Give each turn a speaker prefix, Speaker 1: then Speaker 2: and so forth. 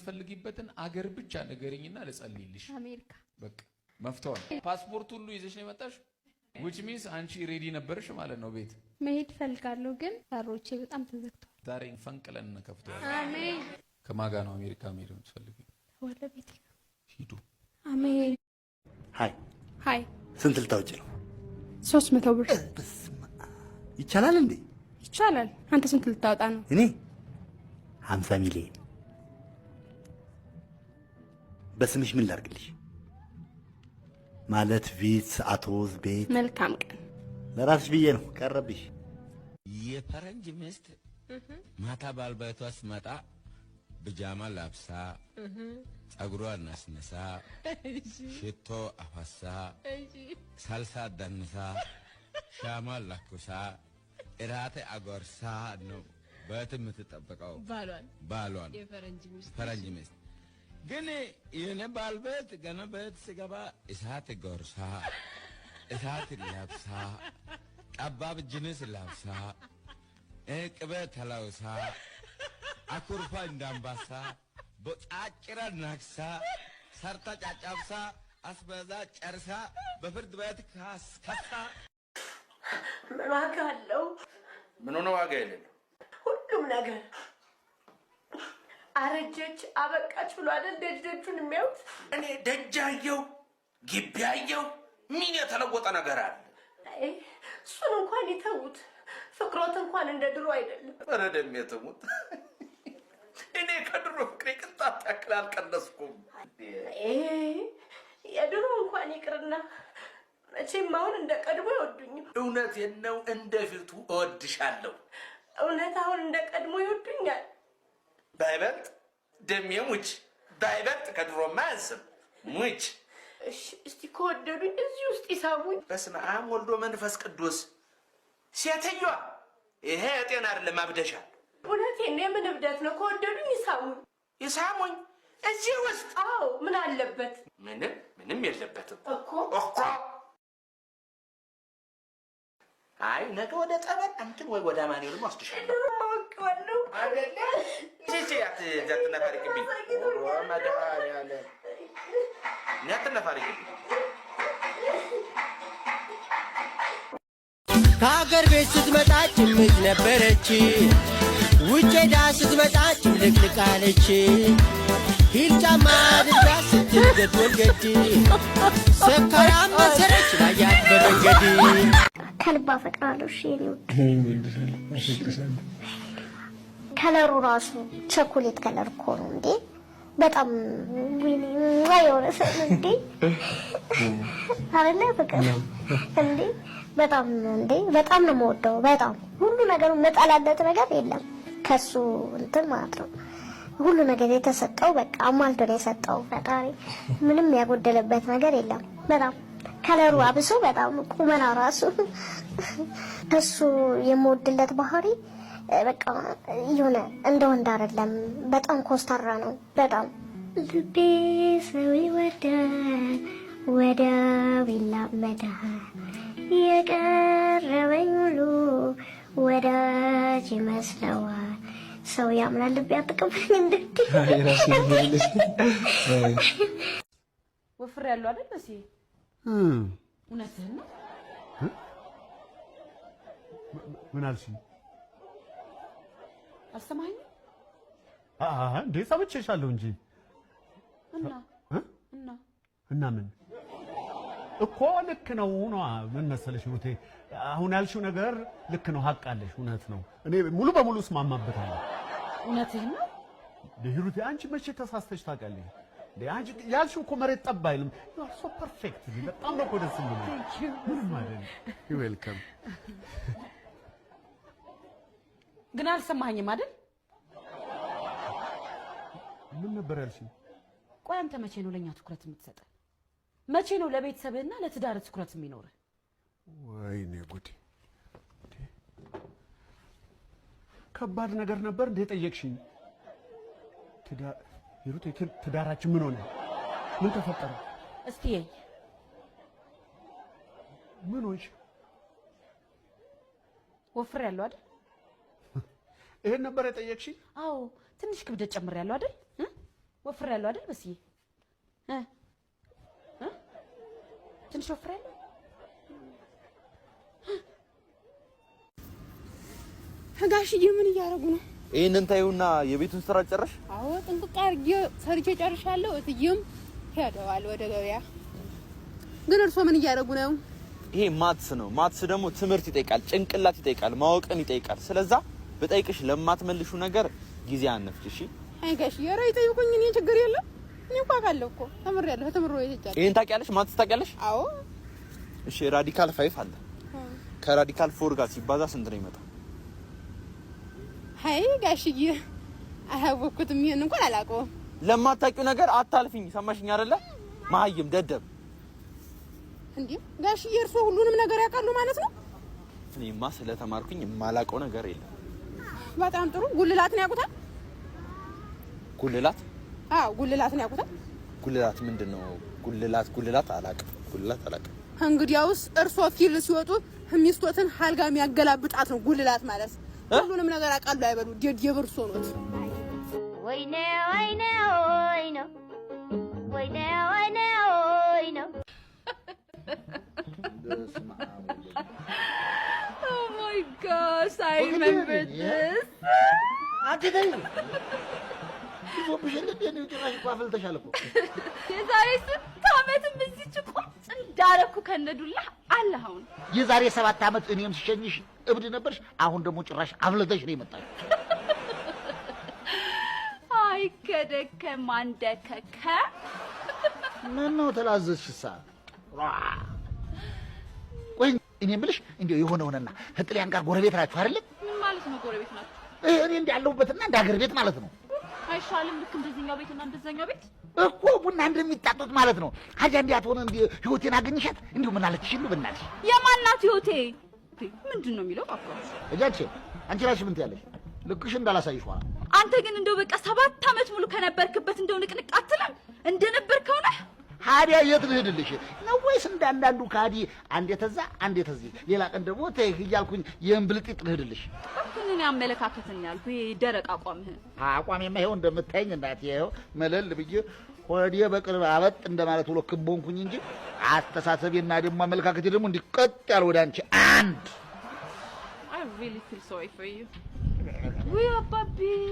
Speaker 1: የምትፈልጊበትን አገር ብቻ ንገሪኝና ልጸልይልሽ። አሜሪካ በቃ መፍተዋል። ፓስፖርት ሁሉ ይዘሽ ነው የመጣሽ? ዊች ሚንስ አንቺ ሬዲ ነበርሽ ማለት ነው። ቤት
Speaker 2: መሄድ ፈልጋለሁ፣ ግን በሮቼ በጣም ተዘግተዋል።
Speaker 1: ዛሬ ፈንቅለን እንከፍተዋል። አሜን። ከማጋ ነው አሜሪካ መሄድ የምትፈልጊ? ወደ ቤት ሂዱ።
Speaker 2: አሜን። ሀይ ሀይ።
Speaker 3: ስንት ልታውጪ ነው? ሶስት መቶ ብር ይቻላል እንዴ?
Speaker 2: ይቻላል። አንተ ስንት ልታወጣ ነው?
Speaker 3: እኔ ሀምሳ ሚሊዮን በስምሽ ምን ላርግልሽ? ማለት ቪት፣ አቶዝ፣ ቤት።
Speaker 2: መልካም ቀን።
Speaker 3: ለራስሽ ብዬ ነው ቀረብሽ።
Speaker 4: የፈረንጅ ሚስት ማታ ባልባይቷ ስመጣ ብጃማ ላብሳ፣ ጸጉሯ እናስነሳ፣ ሽቶ አፋሳ ሳልሳ አዳንሳ፣ ሻማ ላኩሳ፣ እራቴ አጎርሳ ነው በት የምትጠብቀው ባሏን። ፈረንጅ ሚስት ግን የኔ ባልበት ቤት ገና እሳት ጎርሳ፣ እሳት ላብሳ፣ ጠባብ ጅንስ ላብሳ፣ ቅቤ ተላውሳ፣ አኩርፋ እንዳንባሳ፣ በጫጭራ ናክሳ፣ ሰርታ ጫጫብሳ፣ አስበዛ ጨርሳ፣ በፍርድ ቤት ካስከሳ
Speaker 2: ምን ዋጋ አለው?
Speaker 4: ምን ሆነ ዋጋ የሌለው
Speaker 2: ሁሉም ነገር አረጀች አበቃች ብሎ አይደል ደጅደጁን የሚያዩት።
Speaker 4: እኔ ደጃየው ግቢያየው ምን የተለወጠ ነገር አለ?
Speaker 2: እሱን እንኳን ይተዉት። ፍቅሮት እንኳን እንደ ድሮ አይደለም።
Speaker 4: ኧረ ደሜ እኔ ከድሮ ፍቅሬ ቅንጣት ያክል አልቀነስኩም።
Speaker 2: የድሮ እንኳን ይቅርና መቼም አሁን እንደ ቀድሞ ይወዱኝም።
Speaker 4: እውነቴን ነው። እንደፊቱ እወድሻለሁ።
Speaker 2: እውነት አሁን እንደ ቀድሞ ይወዱኛል።
Speaker 4: ባይበልጥ ደሜ ሙች ባይበልጥ ከድሮማ አንስም ሙች።
Speaker 2: እስቲ ከወደዱኝ እዚህ ውስጥ ይሳሙኝ።
Speaker 4: በስመ አብ ወልዶ መንፈስ ቅዱስ። ሴትዮዋ ይሄ የጤና አይደለም አብደሻ።
Speaker 2: እውነቴን ነው። የምን እብደት ነው? ከወደዱኝ ይሳሙኝ፣
Speaker 4: ይሳሙኝ እዚህ ውስጥ።
Speaker 2: አዎ ምን አለበት?
Speaker 4: ምንም ምንም የለበትም እኮ እኮ አይ ነገ ወደ ጠበል አንተን ወይ ወደ አማኑኤል ደግሞ አስድሻለሁ።
Speaker 5: ከሀገር ቤት ስትመጣች ምት ነበረች፣ ውጭ ሄዳ ስትመጣች ልቅልቅ አለች። ሂል ጫማ አድርጋ ስትል ወልገድ መሰረች ላያት በመንገድ
Speaker 2: ከልባ ፈቅራለሁ። እሺ ከለሩ ራሱ ቸኮሌት ከለር እኮ ነው እንዴ! በጣም ዋ የሆነ ሰው እንዴ አለ እንዴ! በጣም እንዴ! በጣም ነው የምወደው። በጣም ሁሉ ነገር መጣላለት ነገር የለም ከሱ እንትን ማለት ነው ሁሉ ነገር የተሰጠው በቃ አሟልቶ ነው የሰጠው ፈጣሪ። ምንም ያጎደለበት ነገር የለም በጣም ከለሩ አብሶ በጣም ቁመና ራሱ እሱ የምወድለት ባህሪ በቃ የሆነ እንደ ወንድ አይደለም። በጣም ኮስታራ ነው። በጣም ልቤ ሰው ይወዳል ወዳው ይላመዳል። የቀረበኝ ሁሉ ወዳጅ ይመስለዋል። ሰው ያምናል ልቤ አጥቅም እንድትይ
Speaker 6: ወፍር ያለው አይደል እውነትህን ነው? ምን አልሽኝ? አልሰማኸኝም
Speaker 1: እንዴ? ሰምቼሻለሁ እንጂ
Speaker 6: እና እና
Speaker 1: እና ምን እኮ ልክ ነው ነዋ። ምን መሰለሽ ሩቴ፣ አሁን ያልሽው ነገር ልክ ነው፣ ሀቅ አለሽ፣ እውነት ነው። እኔ ሙሉ በሙሉ እስማማበታለሁ።
Speaker 6: እውነትህን ነው
Speaker 1: ሩቴ። አንቺ መቼ ተሳስተሽ ታውቂያለሽ? ያልሽው እኮ መሬት ጠብ አይልም። ዩ አር ሶ ፐርፌክት። በጣም ነው እኮ ደስ የሚለው። ምንም አይደለም። ዩ ዌልከም።
Speaker 6: ግን አልሰማኸኝም አይደል?
Speaker 1: ምን ነበር ያልሽኝ?
Speaker 6: ቆይ አንተ መቼ ነው ለእኛ ትኩረት የምትሰጠ? መቼ ነው ለቤተሰብህና ለትዳር ትኩረት የሚኖርህ?
Speaker 1: ወይኔ ጉዴ! ከባድ ነገር ነበር እንደ ጠየቅሽኝ ትዳር ሂሩት ትዳራችን ምን ሆነ? ምን ተፈጠረ? እስቲ ምን ሆንሽ? ወፍር ያለው አይደል? ይሄን ነበር የጠየቅሽኝ?
Speaker 6: አዎ፣ ትንሽ ክብደት ጨምር ያለው አይደል? ወፍር ያለው አይደል? በስዬ ትንሽ ወፍር ያለው ጋሽዬ ምን እያደረጉ ነው?
Speaker 1: ይሄንን ታዩና የቤቱን ስራ ጨረሽ?
Speaker 6: አዎ ጥንቅቅ አድርጌ ሰርቼ ጨርሻለሁ። እትዬም ሄደዋል ወደ ገበያ። ግን እርሶ ምን እያደረጉ ነው?
Speaker 1: ይሄ ማትስ ነው። ማትስ ደግሞ ትምህርት ይጠይቃል፣ ጭንቅላት ይጠይቃል፣ ማወቅን ይጠይቃል። ስለዛ በጠይቅሽ ለማትመልሹ ነገር ጊዜ አነፍች። እሺ
Speaker 6: አይ ጋሽዬ፣ ኧረ ይጠይቁኝ፣ እኔ ችግር የለም። እኔ እንኳ አውቃለሁ እኮ ተምሬያለሁ። ተምሮ ይተጫል።
Speaker 1: ይሄን ታውቂያለሽ? ማትስ ታውቂያለሽ? አዎ። እሺ ራዲካል ፋይፍ አለ ከራዲካል ፎር ጋር ሲባዛ ስንት ነው ይመጣ?
Speaker 6: አይ ጋሽዬ አያወቅኩትም። ይሄን እንኳን አላውቀውም።
Speaker 1: ለማታውቂው ነገር አታልፊኝ። ሰማሽኝ አይደለ? መሀይም ደደብ።
Speaker 6: እንዴ ጋሽዬ፣ እርስዎ ሁሉንም ነገር ያውቃሉ ማለት ነው?
Speaker 1: እኔማ ስለተማርኩኝ የማላውቀው ነገር የለም።
Speaker 6: በጣም ጥሩ። ጉልላት ነው ያውቁታል? ጉልላት? አዎ፣ ጉልላት ነው ያውቁታል።
Speaker 1: ጉልላት ምንድን ነው? ጉልላት ጉልላት አላውቅም። ጉልላት አላውቅም።
Speaker 6: እንግዲያውስ እርሶ ፊል ሲወጡ ሚስቶትን አልጋ የሚያገላብጣት ነው ጉልላት ማለት። ሁሉንም ነገር አውቃሉ አይበሉ። ዴድ የብርሶ ነው።
Speaker 7: ወይኔ ወይኔ ወይ ነው ወይኔ
Speaker 1: የዛሬ ሰባት ዓመት እኔም ስሸኝሽ እብድ ነበርሽ። አሁን ደግሞ ጭራሽ አብለጠሽ ነው የመጣሽው።
Speaker 7: አይ ከደከም አንደከከ
Speaker 1: ምን ነው ተላዘዝሽሳ? ቆይ እኔ የምልሽ እንዲያው የሆነ ሆነና ህጥሊያን ጋር ጎረቤት ናችሁ አይደል?
Speaker 6: ምን ማለት ነው ጎረቤት ናችሁ?
Speaker 1: እኔ እንዳለሁበትና እንደ ሀገር ቤት ማለት ነው።
Speaker 6: አይሻልም? ልክ እንደዚህኛው ቤትና እንደዛኛው ቤት
Speaker 1: እኮ ቡና እንደሚጣጡት ማለት ነው። ሀጃ እንዲያት ሆነ እንዲ ህይወቴን አገኝሻት እንዲሁ ምን አለችሽ? እንዲሁ ብናልሽ
Speaker 6: የማናት ህይወቴ ምንድን ነው የሚለው?
Speaker 1: እጃቼ አንቺ ራስሽ ምን ትያለሽ? ልክሽ እንዳላሳይሽ ኋላ
Speaker 6: አንተ ግን እንደው በቃ ሰባት አመት ሙሉ ከነበርክበት እንደው ንቅንቅ አትልም? እንደነበርከው ነህ።
Speaker 1: ሀዲያ የት ልሄድልሽ ነው ወይስ እንዳንዳንዱ ከሀዲ አንዴ ተዛ አንዴ ተዚህ ሌላ ቀን ደግሞ ተይ እያልኩኝ ይህን ብልጢጥ ልሄድልሽ
Speaker 6: እኔ አመለካከትን ያልኩ ደረቅ አቋምህን
Speaker 1: አቋሜማ ይኸው እንደምታይኝ እናት ይኸው መለል ብዬ ወዲ በቅርብ አበጥ እንደማለት ብሎ ክቦንኩኝ እንጂ አስተሳሰቤና ደግሞ አመለካከቴ ደግሞ እንዲቀጥ ያል ወደ አንቺ አንድ
Speaker 6: ዩ አባቤ